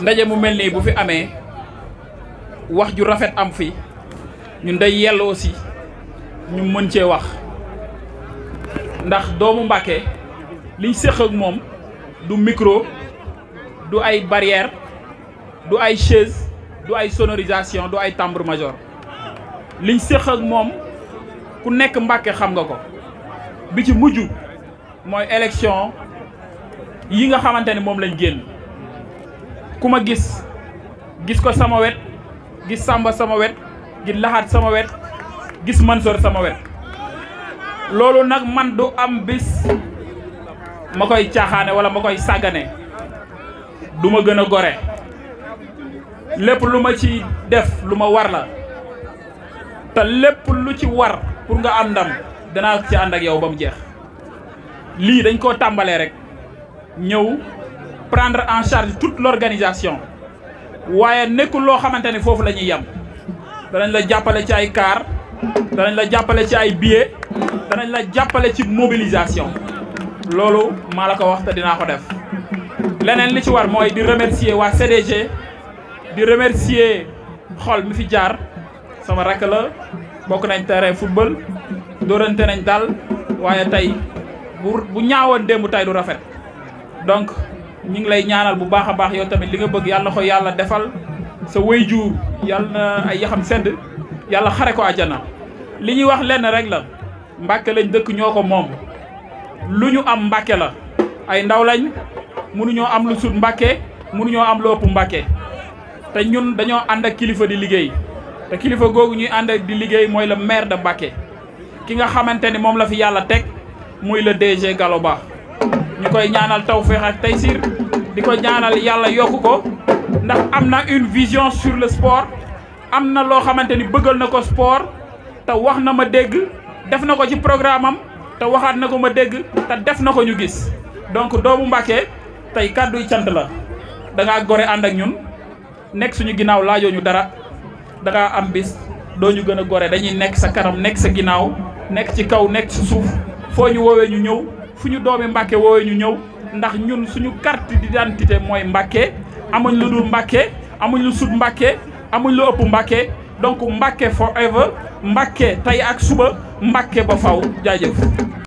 ndaje mu mel nii bu fi amee wax ju rafet am fi ñun day yell aussi ñu mën cee wax ndax doomu Mbàkke liñ séq ak moom du micro du ay barrière du ay chaise du ay sonorisation du ay timbre major liñ séq ak moom ku nekk Mbàkke xam nga ko bi ci mujj mooy élection yi nga xamante ne moom lañ génn ku ma gis gis ko sama wet gis sàmba sama wet gis Laxaat sama wet gis Mansoor sama wet loolu nag man du am bis ma koy caaxaane wala ma koy sàggane du ma gën a gore lépp lu ma ci def lu ma war la te lépp lu ci war pour nga am ndam danaa ci ànd ak yow ba mu jeex lii dañ koo tàmbalee rek ñëw prendre en charge toute l'organisation waaye nekkul loo xamante ni foofu lañuy ñuy yem danañ la jàppale ci ay car danañ la jàppale ci ay billets danañ la jàppale ci mobilisation loolu maa la ko wax te dinaa ko def leneen li ci war mooy di remercier waa CDG di remercier xol mi fi jaar sama rakk la bokk nañ terrain football dóorante nañ daal waaye tey bu bu ñaawoon démb tey du rafet donc ñu ngi lay ñaanal bu baax a baax yow tamit li nga bëgg yàlla ko yàlla defal sa wéy juur yàlla na ay yaxam sedd yàlla xare ko àjjana li ñuy wax lenn rek la mbàkke lañ dëkk ñoo ko moom lu ñu am mbàkke la ay ndaw lañ mënuñoo am lu sut mbàkke mënuñoo am lu ëpp mbàkke te ñun dañoo ànd ak kilifa di liggéey te kilifa googu ñuy ànd ak di liggéey mooy la maire de Mbacké ki nga xamante ni moom la fi yàlla teg muy le DG Gallo Ba ñu koy ñaanal tawféex tey taysir di ko ñaanal yàlla yokk ko ndax am na une vision sur le sport am na loo xamante ni bëggal na ko sport te wax na ma dégg def na ko ci programme am te waxaat na ko ma dégg te def na ko ñu gis donc doomu Mbàkke tey kàdduy cant la da ngaa gore ànd ak ñun nekk suñu ginnaaw laajoo ñu dara da ngaa am bis doo ñu gën a gore dañuy nekk sa kanam nekk sa ginnaaw nekk ci kaw nekk ci suuf foo ñu woowee ñu ñëw fu ñu doomi Mbàkke woowe ñu ñëw ndax ñun suñu carte d'identité mooy Mbàkke amuñ lu dul Mbàkke amuñ lu sut Mbàkke amuñ lu ëpp Mbàkke donc Mbàkke forever Mbàkke tey ak suba Mbàkke ba faw jaajëf